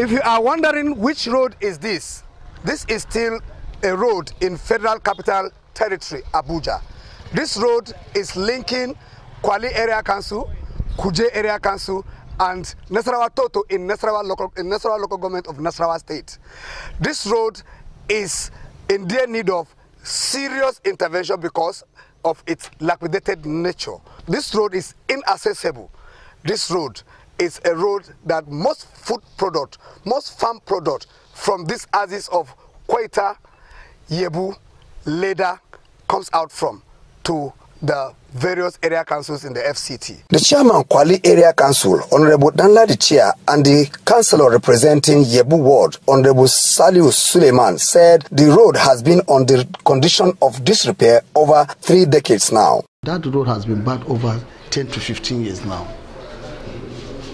If you are wondering which road is this, this is still a road in Federal Capital Territory, Abuja. This road is linking Kwali Area Council, Kuje Area Council, and Nasarawa Toto in Nasarawa local, in Nasarawa local government of Nasarawa State. This road is in dire need of serious intervention because of its lapidated nature. This road is inaccessible. This road is a road that most food product, most farm product from this axis of Kwaita, Yebu, Leda comes out from to the various area councils in the FCT. The chairman Kwali Area Council, Honorable Danladi Chia, and the councillor representing Yebu Ward, Honorable Saliu Suleiman, said the road has been on the condition of disrepair over three decades now. That road has been bad over 10 to 15 years now.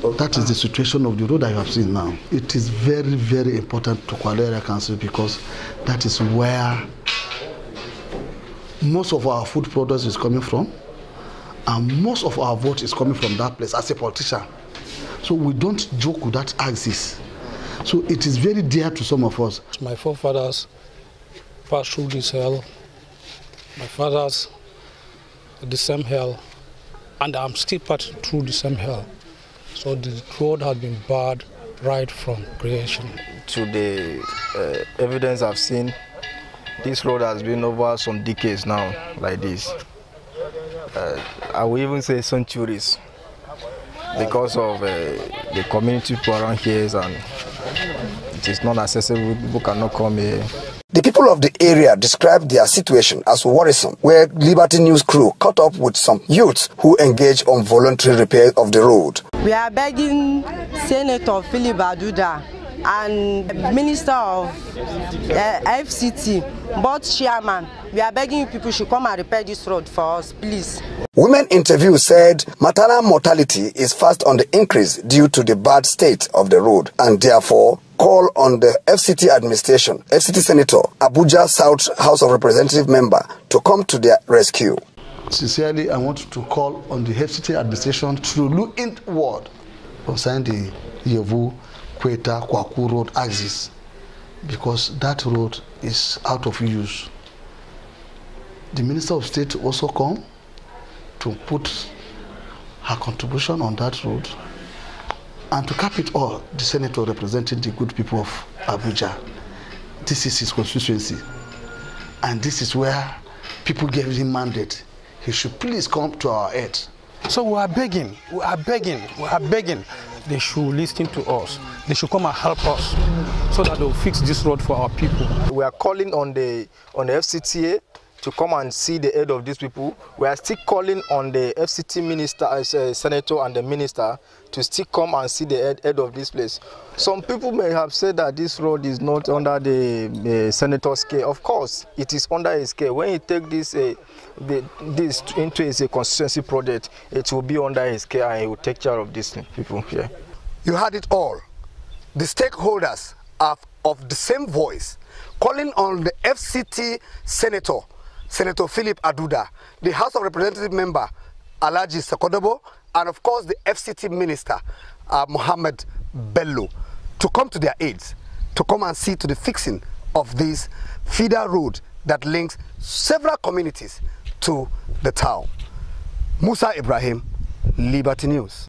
That is the situation of the road I have seen now. It is very, very important to Kuala Council because that is where most of our food products is coming from and most of our vote is coming from that place as a politician. So we don't joke with that axis. So it is very dear to some of us. My forefathers passed through this hell. My fathers, the same hell. And I'm still part through the same hell. So the road has been barred right from creation. To the uh, evidence I've seen, this road has been over some decades now, like this. Uh, I will even say centuries, because of uh, the community around here, and it is not accessible. People cannot come here. The people of the area described their situation as worrisome, where Liberty News crew caught up with some youths who engaged on voluntary repair of the road. We are begging Senator Philip Aduda and Minister of uh, eh, FCT, both chairman, we are begging you people should come and repair this road for us, please. Women interview said maternal mortality is fast on the increase due to the bad state of the road and therefore call on the FCT administration, FCT Senator, Abuja South House of Representative member to come to their rescue. Sincerely, I want to call on the FCT administration to look inward concerning the Yevu Kweta Kwaku Road axis because that road is out of use. The Minister of State also come to put her contribution on that road and to cap it all, the senator representing the good people of Abuja, this is his constituency. And this is where people gave him mandate. He should please come to our aid. So we are begging, we are begging, we are begging. They should listen to us. They should come and help us so that they'll fix this road for our people. We are calling on the, on the FCTA to come and see the head of these people. We are still calling on the FCT minister, uh, senator and the minister to still come and see the head, head of this place. Some people may have said that this road is not under the uh, senator's care. Of course, it is under his care. When he take this uh, the, this into his uh, constituency project, it will be under his care and he will take care of these people here. Yeah. You had it all. The stakeholders are of the same voice, calling on the FCT senator Senator Philip Aduda, the House of Representative member Alaji Sakodobo, and of course the FCT minister uh, Mohammed Bello to come to their aid, to come and see to the fixing of this feeder road that links several communities to the town. Musa Ibrahim, Liberty News.